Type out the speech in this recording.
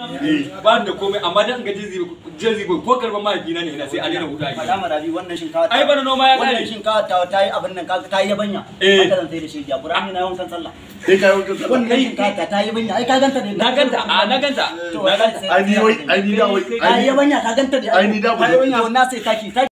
Eh, ba da komai amma dan ga jazi boy ko karban mahaifina ne ina sai an daina hudu a gida madama rabi wannan shinkafa ai bana noma ya kare wannan shinkawa ta ta yi abin nan ka ta yi yabanya eh. haka kan sai da shi jabura ni na wankan sallah sai kai wankan sallah wannan shinkawa ta yi yabanya ai ka ganta ne na ganta a na ganta na ganta ai ni wai ai ni da wai ai yabanya ka ganta da ai ni da wai na sai kaki